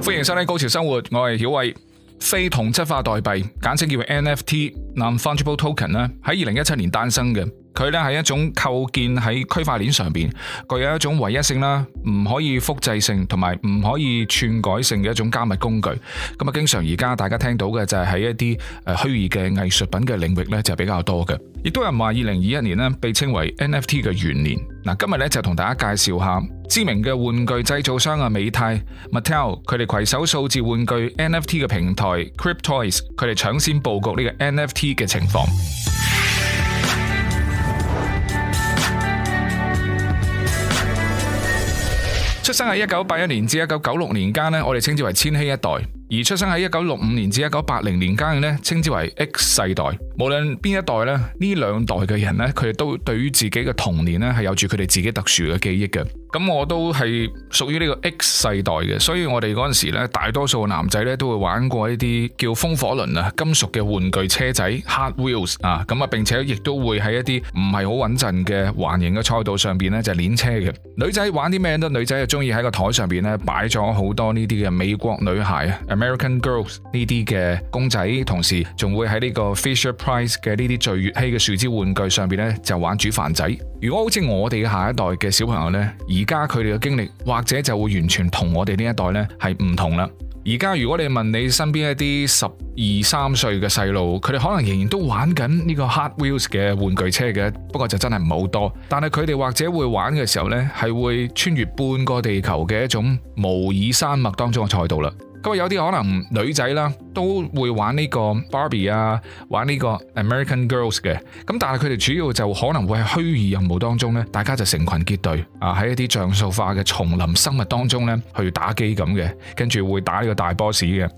歡迎收睇《高潮生活》，我係小偉。非同質化代幣，簡稱叫做 NFT（Non-Fungible Token） 咧，喺二零一七年誕生嘅。佢咧係一種構建喺區塊鏈上邊，具有一種唯一性啦，唔可以複製性同埋唔可以篡改性嘅一種加密工具。咁啊，經常而家大家聽到嘅就係喺一啲誒虛擬嘅藝術品嘅領域咧，就比較多嘅。亦都有人話，二零二一年呢，被稱為 NFT 嘅元年。嗱，今日咧就同大家介紹下知名嘅玩具製造商啊，美泰 Mattel，佢哋攜手數字玩具 NFT 嘅平台 Cryptoys，佢哋搶先佈局呢個 NFT 嘅情況。生喺一九八一年至一九九六年間呢，我哋稱之為千禧一代。而出生喺一九六五年至一九八零年間嘅呢，稱之為 X 世代。無論邊一代呢，呢兩代嘅人呢，佢哋都對於自己嘅童年呢，係有住佢哋自己特殊嘅記憶嘅。咁我都係屬於呢個 X 世代嘅，所以我哋嗰陣時呢，大多數男仔呢，都會玩過一啲叫風火輪啊、金屬嘅玩具車仔、Hot Wheels 啊。咁啊，並且亦都會喺一啲唔係好穩陣嘅環形嘅賽道上邊呢，就練車嘅。女仔玩啲咩呢？女仔就中意喺個台上邊呢，擺咗好多呢啲嘅美國女孩。啊。American Girls 呢啲嘅公仔，同時仲會喺呢個 Fisher Price 嘅呢啲聚月器嘅樹枝玩具上邊呢，就玩煮飯仔。如果好似我哋嘅下一代嘅小朋友呢，而家佢哋嘅經歷或者就會完全同我哋呢一代呢係唔同啦。而家如果你問你身邊一啲十二三歲嘅細路，佢哋可能仍然都玩緊呢個 Hot Wheels 嘅玩具車嘅，不過就真係唔好多。但係佢哋或者會玩嘅時候呢，係會穿越半個地球嘅一種模擬山脈當中嘅賽道啦。不過，有啲可能女仔啦，都會玩呢個 Barbie 啊，玩呢個 American Girls 嘅。咁但係佢哋主要就可能會喺虛擬任務當中呢，大家就成群結隊啊，喺一啲像素化嘅叢林生物當中呢，去打機咁嘅，跟住會打呢個大 boss 嘅。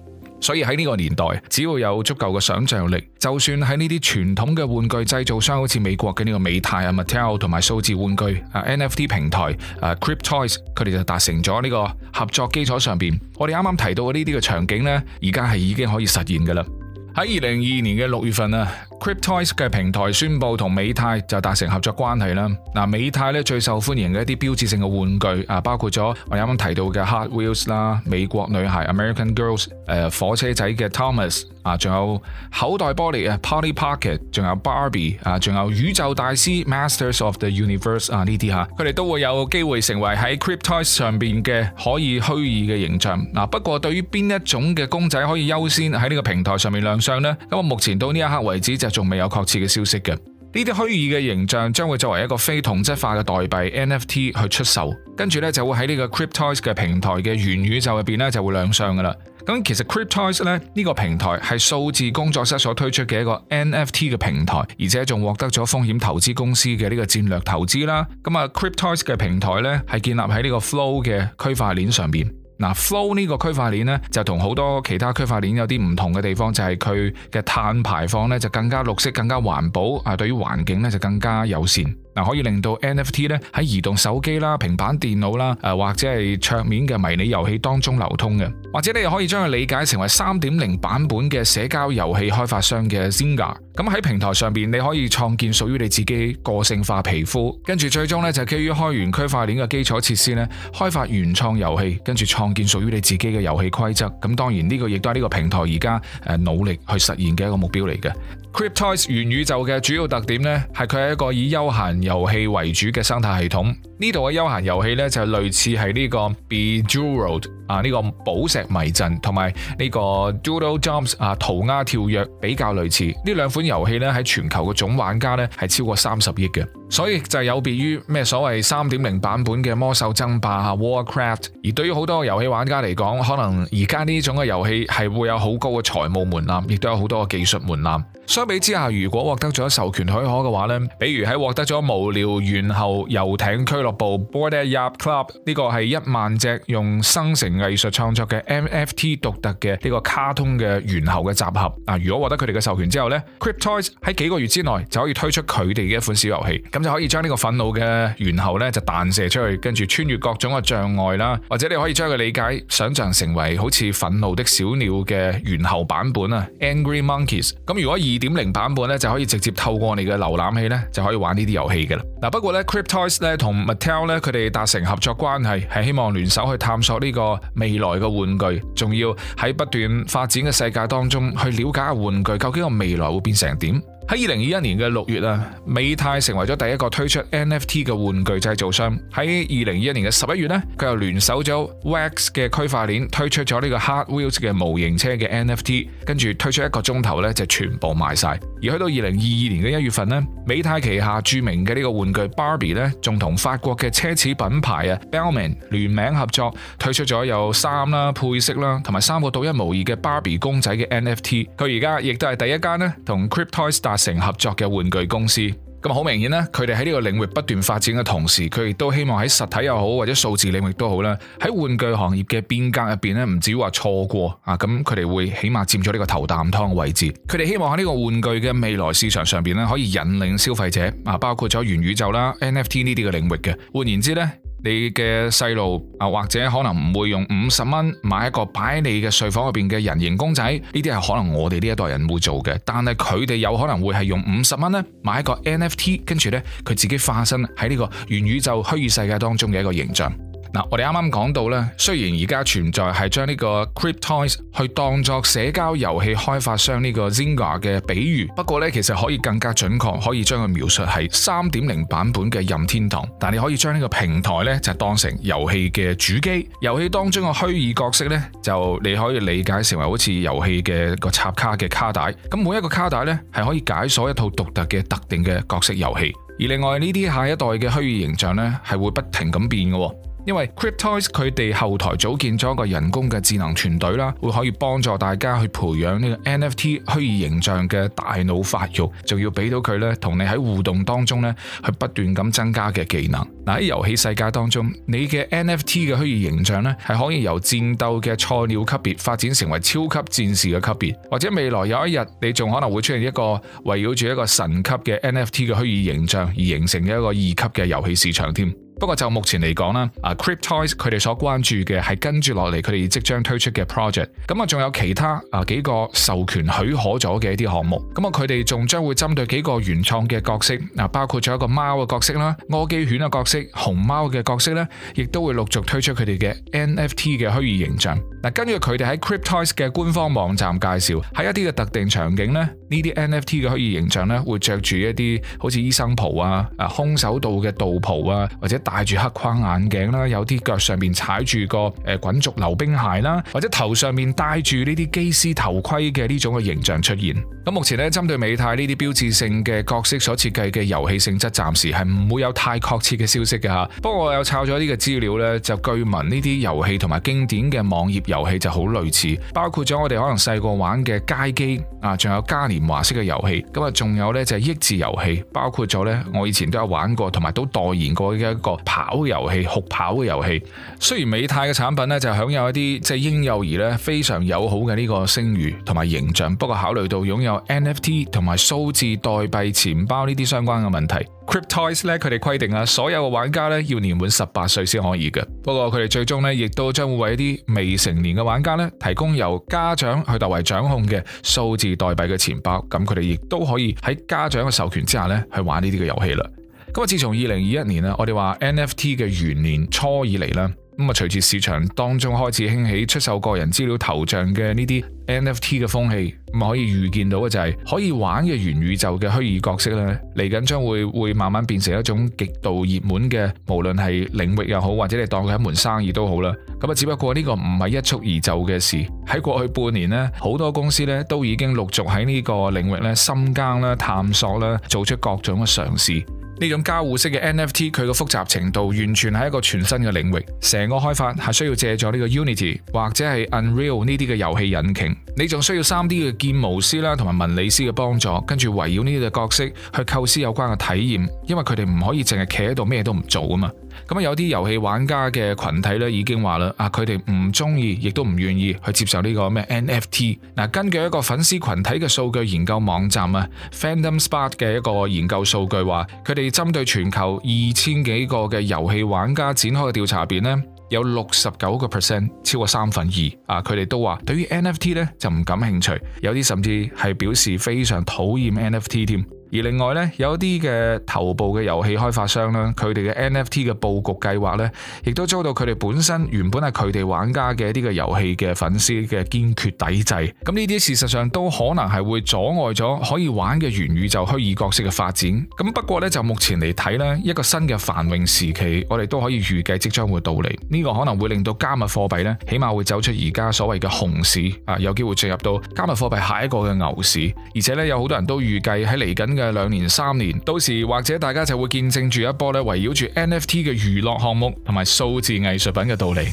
所以喺呢個年代，只要有足夠嘅想像力，就算喺呢啲傳統嘅玩具製造商，好似美國嘅呢個美泰啊、Mattel 同埋數字玩具啊、NFT 平台啊、Cryptoys，佢哋就達成咗呢個合作基礎上邊，我哋啱啱提到嘅呢啲嘅場景呢，而家係已經可以實現㗎喇。喺二零二二年嘅六月份啊，Cryptoys 嘅平台宣布同美泰就達成合作關係啦。嗱，美泰咧最受歡迎嘅一啲標誌性嘅玩具啊，包括咗我啱啱提到嘅 Hot Wheels 啦、美國女孩 American Girls、誒火車仔嘅 Thomas。啊，仲有口袋玻璃啊，Polly Pocket，仲有 Barbie，啊，仲有宇宙大師 Masters of the Universe 啊，呢啲吓，佢哋都會有機會成為喺 Cryptoys 上邊嘅可以虛擬嘅形象。嗱，不過對於邊一種嘅公仔可以優先喺呢個平台上面亮相呢？咁我目前到呢一刻為止就仲未有確切嘅消息嘅。呢啲虛擬嘅形象將會作為一個非同質化嘅代幣 NFT 去出售，跟住咧就會喺呢個 Cryptoys 嘅平台嘅元宇宙入邊咧就會亮相噶啦。咁其實 Cryptoids 咧呢個平台係數字工作室所推出嘅一個 NFT 嘅平台，而且仲獲得咗風險投資公司嘅呢個戰略投資啦。咁啊，Cryptoids 嘅平台咧係建立喺呢個 Flow 嘅區塊鏈上邊。嗱，Flow 呢個區塊鏈咧就同好多其他區塊鏈有啲唔同嘅地方，就係佢嘅碳排放咧就更加綠色、更加環保啊，對於環境咧就更加友善。可以令到 NFT 咧喺移動手機啦、平板電腦啦、誒或者係桌面嘅迷你遊戲當中流通嘅，或者你又可以將佢理解成為三點零版本嘅社交遊戲開發商嘅 Zinger。咁喺平台上邊，你可以創建屬於你自己個性化皮膚，跟住最終呢，就基於開源區塊鏈嘅基礎設施咧，開發原創遊戲，跟住創建屬於你自己嘅遊戲規則。咁當然呢個亦都係呢個平台而家誒努力去實現嘅一個目標嚟嘅。Cryptoids 元宇宙嘅主要特點呢，係佢係一個以休閒遊戲為主嘅生態系統。呢度嘅休閒遊戲呢，就類似係呢個 Bejeweled。啊！呢、這個寶石迷陣同埋呢個 Doodle Jumps 啊，塗鴉跳躍比較類似。呢兩款遊戲咧喺全球嘅總玩家咧係超過三十億嘅，所以就有別於咩所謂三點零版本嘅《魔獸爭霸》啊，《Warcraft》。而對於好多遊戲玩家嚟講，可能而家呢種嘅遊戲係會有好高嘅財務門檻，亦都有好多嘅技術門檻。相比之下，如果獲得咗授權許可嘅話呢，比如喺獲得咗無聊猿猴遊艇俱樂部 Bored Ape Yacht Club 呢個係一萬隻用生成。藝術創作嘅 MFT 獨特嘅呢個卡通嘅猿猴嘅集合啊！如果獲得佢哋嘅授權之後呢 Cryptoids 喺幾個月之內就可以推出佢哋嘅一款小遊戲，咁就可以將呢個憤怒嘅猿猴呢就彈射出去，跟住穿越各種嘅障礙啦，或者你可以將佢理解想像成為好似憤怒的小鳥嘅猿猴版本啊，Angry Monkeys。咁如果二點零版本呢，就可以直接透過我哋嘅瀏覽器呢就可以玩呢啲遊戲嘅啦。嗱不過呢 Cryptoids 咧同 Mattel 呢，佢哋達成合作關係，係希望聯手去探索呢個。未來嘅玩具，仲要喺不斷發展嘅世界當中去了解下，玩具究竟個未來會變成點？喺二零二一年嘅六月啊，美泰成為咗第一個推出 NFT 嘅玩具製造商。喺二零二一年嘅十一月呢，佢又聯手咗 Wax 嘅區塊鏈推出咗呢個 Hot Wheels 嘅模型車嘅 NFT，跟住推出一個鐘頭呢，就全部賣晒。而去到二零二二年嘅一月份呢，美泰旗下著名嘅呢個玩具 Barbie 呢，仲同法國嘅奢侈品牌啊 Bellman 聯名合作，推出咗有衫啦、配飾啦，同埋三個獨一無二嘅 Barbie 公仔嘅 NFT。佢而家亦都係第一間呢，同 Crypto Star。成合作嘅玩具公司，咁好明顯咧，佢哋喺呢個領域不斷發展嘅同時，佢亦都希望喺實體又好或者數字領域都好啦，喺玩具行業嘅變革入邊咧，唔至於話錯過啊！咁佢哋會起碼佔咗呢個頭啖湯嘅位置。佢哋希望喺呢個玩具嘅未來市場上邊咧，可以引領消費者啊，包括咗元宇宙啦、NFT 呢啲嘅領域嘅。換言之咧。你嘅細路，或者可能唔會用五十蚊買一個擺喺你嘅睡房入面嘅人形公仔，呢啲係可能我哋呢一代人會做嘅，但係佢哋有可能會係用五十蚊咧買一個 NFT，跟住呢佢自己化身喺呢個元宇宙虛擬世界當中嘅一個形象。嗱，我哋啱啱講到咧，雖然而家存在係將呢個 Cryptoids 去當作社交遊戲開發商呢個 Zynga 嘅比喻，不過咧其實可以更加準確，可以將佢描述係三點零版本嘅任天堂。但你可以將呢個平台咧就當成遊戲嘅主機，遊戲當中個虛擬角色咧就你可以理解成為好似遊戲嘅個插卡嘅卡帶。咁每一個卡帶咧係可以解鎖一套獨特嘅特定嘅角色遊戲。而另外呢啲下一代嘅虛擬形象咧係會不停咁變嘅。因為 Cryptoys 佢哋後台組建咗一個人工嘅智能團隊啦，會可以幫助大家去培養呢個 NFT 虛擬形象嘅大腦發育，仲要俾到佢咧同你喺互動當中咧去不斷咁增加嘅技能。嗱，喺遊戲世界當中，你嘅 NFT 嘅虛擬形象咧係可以由戰鬥嘅菜鳥級別發展成為超級戰士嘅級別，或者未來有一日你仲可能會出現一個圍繞住一個神級嘅 NFT 嘅虛擬形象而形成一個二級嘅遊戲市場添。不過就目前嚟講啦，啊，Cryptoys 佢哋所關注嘅係跟住落嚟佢哋即將推出嘅 project，咁啊，仲有其他啊幾個授權許可咗嘅一啲項目，咁啊，佢哋仲將會針對幾個原創嘅角色，啊，包括咗一個貓嘅角色啦，柯基犬嘅角色，熊貓嘅角色咧，亦都會陸續推出佢哋嘅 NFT 嘅虛擬形象。嗱，根據佢哋喺 Cryptoys 嘅官方網站介紹，喺一啲嘅特定場景咧。呢啲 NFT 嘅可以形象咧，會着住一啲好似醫生袍啊、啊空手道嘅道袍啊，或者戴住黑框眼鏡啦、啊，有啲腳上面踩住個誒滾軸溜冰鞋啦、啊，或者頭上面戴住呢啲機師頭盔嘅呢種嘅形象出現。咁目前咧，針對美泰呢啲標誌性嘅角色所設計嘅遊戲性質，暫時係唔會有太確切嘅消息嘅嚇。不過我有抄咗啲嘅資料呢，就據聞呢啲遊戲同埋經典嘅網頁遊戲就好類似，包括咗我哋可能細個玩嘅街機啊，仲有嘉年。連式嘅遊戲，咁啊，仲有呢，就係益智遊戲，包括咗呢，我以前都有玩過，同埋都代言過嘅一個跑嘅遊戲，酷跑嘅遊戲。雖然美泰嘅產品呢，就享有一啲即係嬰幼兒呢非常友好嘅呢個聲譽同埋形象，不過考慮到擁有 NFT 同埋數字代幣錢包呢啲相關嘅問題。Cryptoids 咧，佢哋規定啊，所有嘅玩家咧要年滿十八歲先可以嘅。不過佢哋最終咧，亦都將會為一啲未成年嘅玩家咧，提供由家長去代為掌控嘅數字代幣嘅錢包。咁佢哋亦都可以喺家長嘅授權之下咧，去玩呢啲嘅遊戲啦。咁啊，自從二零二一年啊，我哋話 NFT 嘅元年初以嚟咧。咁啊，隨住市場當中開始興起出售個人資料頭像嘅呢啲 NFT 嘅風氣，咁可以預見到嘅就係可以玩嘅元宇宙嘅虛擬角色咧，嚟緊將會會慢慢變成一種極度熱門嘅，無論係領域又好，或者你當佢一門生意都好啦。咁啊，只不過呢個唔係一蹴而就嘅事。喺過去半年咧，好多公司咧都已經陸續喺呢個領域咧深耕啦、探索啦，做出各種嘅嘗試。呢種交互式嘅 NFT，佢個複雜程度完全係一個全新嘅領域，成個開發係需要借助呢個 Unity 或者係 Unreal 呢啲嘅遊戲引擎，你仲需要三 D 嘅建模師啦，同埋紋理師嘅幫助，跟住圍繞呢啲嘅角色去構思有關嘅體驗，因為佢哋唔可以淨係企喺度咩都唔做啊嘛。咁啊，有啲遊戲玩家嘅群體咧已經話啦，啊佢哋唔中意，亦都唔願意去接受呢個咩 NFT。嗱，根據一個粉絲群體嘅數據研究網站啊 FandomSpot 嘅一個研究數據話，佢哋。針對全球二千幾個嘅遊戲玩家展開嘅調查，邊咧有六十九個 percent，超過三分二啊！佢哋都話對於 NFT 咧就唔感興趣，有啲甚至係表示非常討厭 NFT 添。而另外咧，有一啲嘅頭部嘅遊戲開發商啦，佢哋嘅 NFT 嘅佈局計劃咧，亦都遭到佢哋本身原本係佢哋玩家嘅呢個遊戲嘅粉絲嘅堅決抵制。咁呢啲事實上都可能係會阻礙咗可以玩嘅元宇宙虛擬角色嘅發展。咁不過咧，就目前嚟睇咧，一個新嘅繁榮時期，我哋都可以預計即將會到嚟。呢、這個可能會令到加密貨幣咧，起碼會走出而家所謂嘅熊市啊，有機會進入到加密貨幣下一個嘅牛市。而且咧，有好多人都預計喺嚟緊嘅兩年、三年，到時或者大家就會見證住一波咧圍繞住 NFT 嘅娛樂項目同埋數字藝術品嘅道理。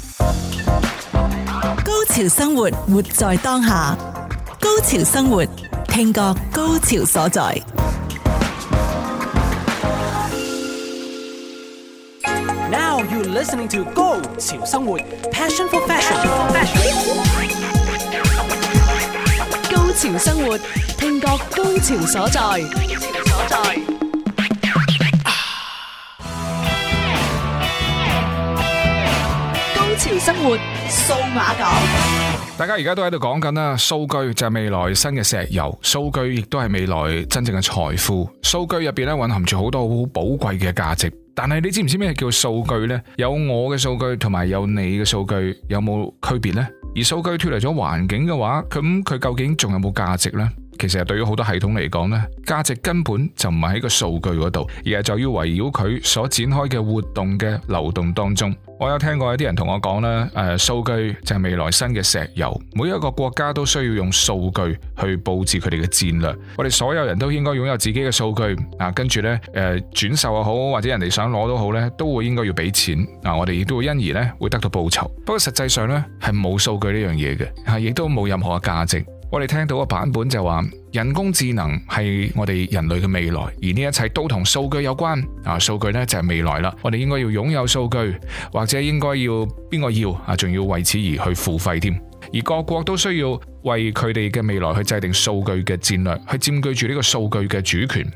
高潮生活，活在當下。高潮生活，聽覺高潮所在。Now you're listening to 高潮生活，Passion for Fashion。高潮生活。感高潮所在，高潮所在。高潮生活，數碼港。大家而家都喺度講緊啦，數據就係未來新嘅石油，數據亦都係未來真正嘅財富。數據入邊咧，蘊含住好多好寶貴嘅價值。但係你知唔知咩叫數據呢？有我嘅數據同埋有,有你嘅數據，有冇區別呢？而數據脱離咗環境嘅話，咁佢究竟仲有冇價值呢？其實係對於好多系統嚟講，呢價值根本就唔係喺個數據嗰度，而係就要圍繞佢所展開嘅活動嘅流動當中。我有聽過一啲人同我講咧，誒，數據就係未來新嘅石油，每一個國家都需要用數據去布置佢哋嘅戰略。我哋所有人都應該擁有自己嘅數據啊，跟住呢，誒、呃，轉售又好或者人哋想攞都好，呢都會應該要俾錢啊。我哋亦都會因而呢會得到報酬。不過實際上呢，係冇數據呢樣嘢嘅，係亦都冇任何嘅價值。我哋聽到嘅版本就話人工智能係我哋人類嘅未來，而呢一切都同數據有關啊！數據呢就係未來啦，我哋應該要擁有數據，或者應該要邊個要啊？仲要為此而去付費添？而各國都需要為佢哋嘅未來去制定數據嘅戰略，去佔據住呢個數據嘅主權。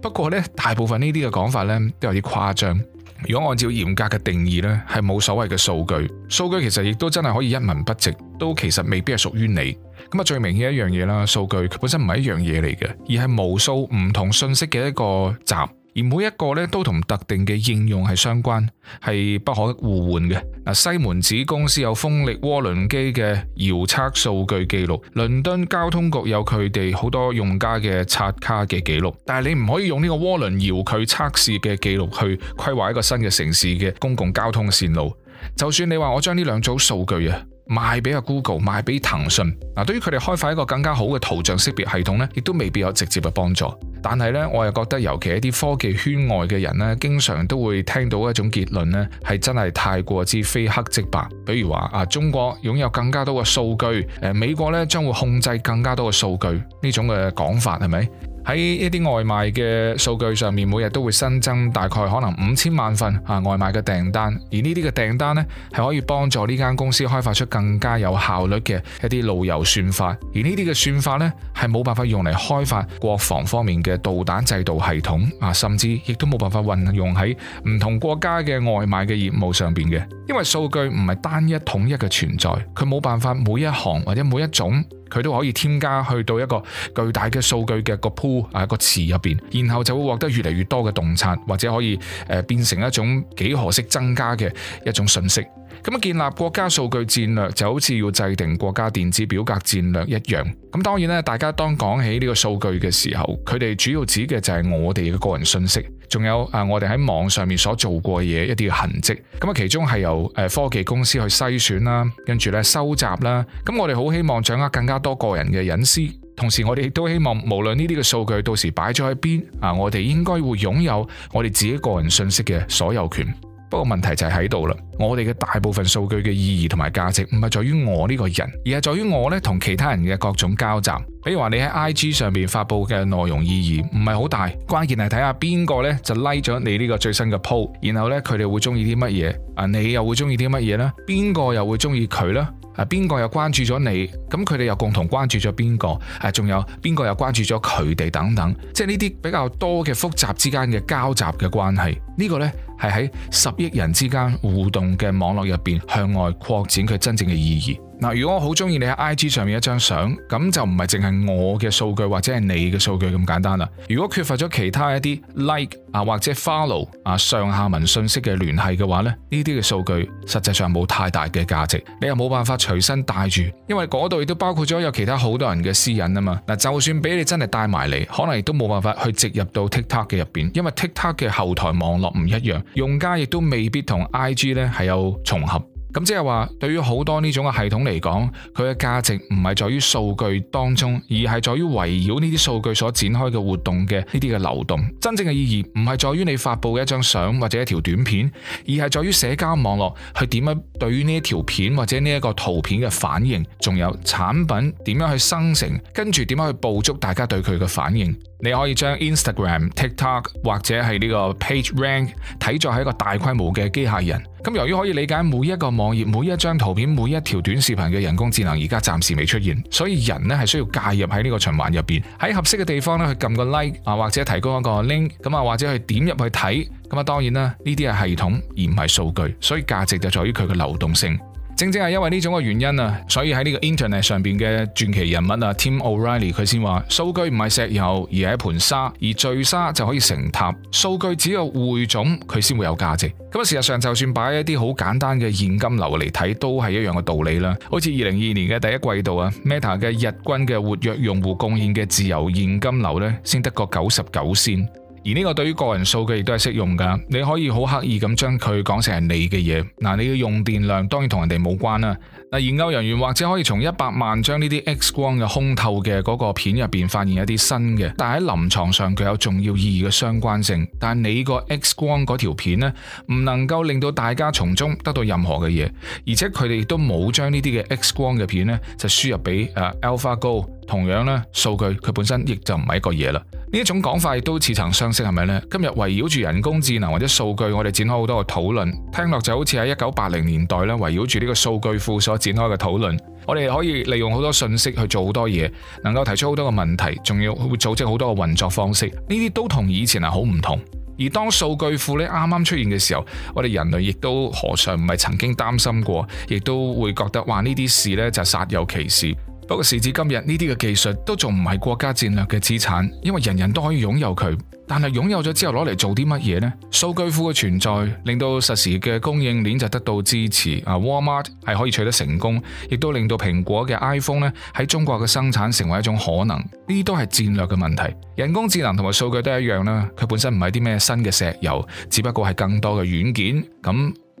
不過呢，大部分呢啲嘅講法呢都有啲誇張。如果按照嚴格嘅定義咧，係冇所謂嘅數據。數據其實亦都真係可以一文不值，都其實未必係屬於你。咁啊，最明顯嘅一樣嘢啦，數據佢本身唔係一樣嘢嚟嘅，而係無數唔同信息嘅一個集。而每一個咧都同特定嘅應用係相關，係不可互換嘅。嗱，西門子公司有風力渦輪機嘅遙測數據記錄，倫敦交通局有佢哋好多用家嘅刷卡嘅記錄，但係你唔可以用呢個渦輪遙距測試嘅記錄去規劃一個新嘅城市嘅公共交通線路。就算你話我將呢兩組數據啊～賣俾阿 Google，賣俾騰訊。嗱、啊，對於佢哋開發一個更加好嘅圖像識別系統咧，亦都未必有直接嘅幫助。但係咧，我又覺得尤其一啲科技圈外嘅人咧，經常都會聽到一種結論咧，係真係太過之非黑即白。比如話啊，中國擁有更加多嘅數據，誒、呃，美國咧將會控制更加多嘅數據，呢種嘅講法係咪？喺一啲外賣嘅數據上面，每日都會新增大概可能五千萬份啊外賣嘅訂單，而呢啲嘅訂單呢，係可以幫助呢間公司開發出更加有效率嘅一啲路由算法，而呢啲嘅算法呢，係冇辦法用嚟開發國防方面嘅導彈制導系統啊，甚至亦都冇辦法運用喺唔同國家嘅外賣嘅業務上邊嘅，因為數據唔係單一統一嘅存在，佢冇辦法每一行或者每一種。佢都可以添加去到一個巨大嘅數據嘅個 pool o o 啊，個池入邊，然後就會獲得越嚟越多嘅洞察，或者可以誒、呃、變成一種幾何式增加嘅一種信息。咁啊，建立國家數據戰略就好似要制定國家電子表格戰略一樣。咁當然咧，大家當講起呢個數據嘅時候，佢哋主要指嘅就係我哋嘅個人信息。仲有啊！我哋喺網上面所做過嘅嘢，一啲嘅痕跡，咁啊其中係由誒科技公司去篩選啦，跟住咧收集啦。咁我哋好希望掌握更加多個人嘅隱私，同時我哋亦都希望，無論呢啲嘅數據到時擺咗喺邊啊，我哋應該會擁有我哋自己個人信息嘅所有權。不過問題就係喺度啦，我哋嘅大部分數據嘅意義同埋價值唔係在於我呢個人，而係在於我呢同其他人嘅各種交集。比如話你喺 IG 上面發佈嘅內容意義唔係好大，關鍵係睇下邊個呢就拉、like、咗你呢個最新嘅 post 然後呢，佢哋會中意啲乜嘢？啊你又會中意啲乜嘢呢？邊個又會中意佢呢？啊邊個又關注咗你？咁佢哋又共同關注咗邊個？啊仲有邊個又關注咗佢哋等等？即係呢啲比較多嘅複雜之間嘅交集嘅關係，呢個呢，係喺十億人之間互動嘅網絡入面，向外擴展佢真正嘅意義。嗱，如果我好中意你喺 IG 上面一張相，咁就唔係淨係我嘅數據或者係你嘅數據咁簡單啦。如果缺乏咗其他一啲 like 啊或者 follow 啊上下文信息嘅聯繫嘅話咧，呢啲嘅數據實際上冇太大嘅價值。你又冇辦法隨身帶住，因為嗰度亦都包括咗有其他好多人嘅私隱啊嘛。嗱，就算俾你真係帶埋嚟，可能亦都冇辦法去植入到 TikTok 嘅入邊，因為 TikTok 嘅後台網絡唔一樣，用家亦都未必同 IG 咧係有重合。咁即係話，對於好多呢種嘅系統嚟講，佢嘅價值唔係在於數據當中，而係在於圍繞呢啲數據所展開嘅活動嘅呢啲嘅流動。真正嘅意義唔係在於你發佈嘅一張相或者一條短片，而係在於社交網絡去點樣對於呢一條片或者呢一個圖片嘅反應，仲有產品點樣去生成，跟住點樣去捕捉大家對佢嘅反應。你可以將 Instagram、TikTok 或者係呢個 PageRank 睇作係一個大規模嘅機械人。咁由於可以理解每一個網頁、每一張圖片、每一條短視頻嘅人工智能而家暫時未出現，所以人呢係需要介入喺呢個循環入邊，喺合適嘅地方呢，去撳個 like 啊，或者提供一個 link，咁啊或者去點入去睇，咁啊當然啦，呢啲係系統而唔係數據，所以價值就在於佢嘅流動性。正正係因為呢種嘅原因啊，所以喺呢個 internet 上邊嘅傳奇人物啊，Tim O'Reilly 佢先話數據唔係石油，而係一盆沙，而聚沙就可以成塔。數據只有匯總，佢先會有價值。咁事實上就算擺一啲好簡單嘅現金流嚟睇，都係一樣嘅道理啦。好似二零二二年嘅第一季度啊，Meta 嘅日均嘅活躍用戶貢獻嘅自由現金流呢，先得個九十九先。而呢個對於個人數據亦都係適用噶，你可以好刻意咁將佢講成係你嘅嘢。嗱，你嘅用電量當然同人哋冇關啦。嗱，研究人員或者可以從一百萬張呢啲 X 光嘅空透嘅嗰個片入邊發現一啲新嘅，但係喺臨床上佢有重要意義嘅相關性。但係你個 X 光嗰條片呢，唔能夠令到大家從中得到任何嘅嘢，而且佢哋都冇將呢啲嘅 X 光嘅片呢，就輸入俾啊 Alpha Go。同樣咧，數據佢本身亦就唔係一個嘢啦。呢一種講法亦都似曾相識，係咪呢？今日圍繞住人工智能或者數據，我哋展開好多個討論，聽落就好似喺一九八零年代咧，圍繞住呢個數據庫所展開嘅討論。我哋可以利用好多信息去做好多嘢，能夠提出好多個問題，仲要會組織好多個運作方式。呢啲都同以前係好唔同。而當數據庫咧啱啱出現嘅時候，我哋人類亦都何嘗唔係曾經擔心過，亦都會覺得哇，呢啲事呢，就煞有其事。不過時至今日，呢啲嘅技術都仲唔係國家戰略嘅資產，因為人人都可以擁有佢。但係擁有咗之後，攞嚟做啲乜嘢呢？數據庫嘅存在令到實時嘅供應鏈就得到支持。啊，Walmart 係可以取得成功，亦都令到蘋果嘅 iPhone 咧喺中國嘅生產成為一種可能。呢啲都係戰略嘅問題。人工智能同埋數據都一樣啦，佢本身唔係啲咩新嘅石油，只不過係更多嘅軟件咁。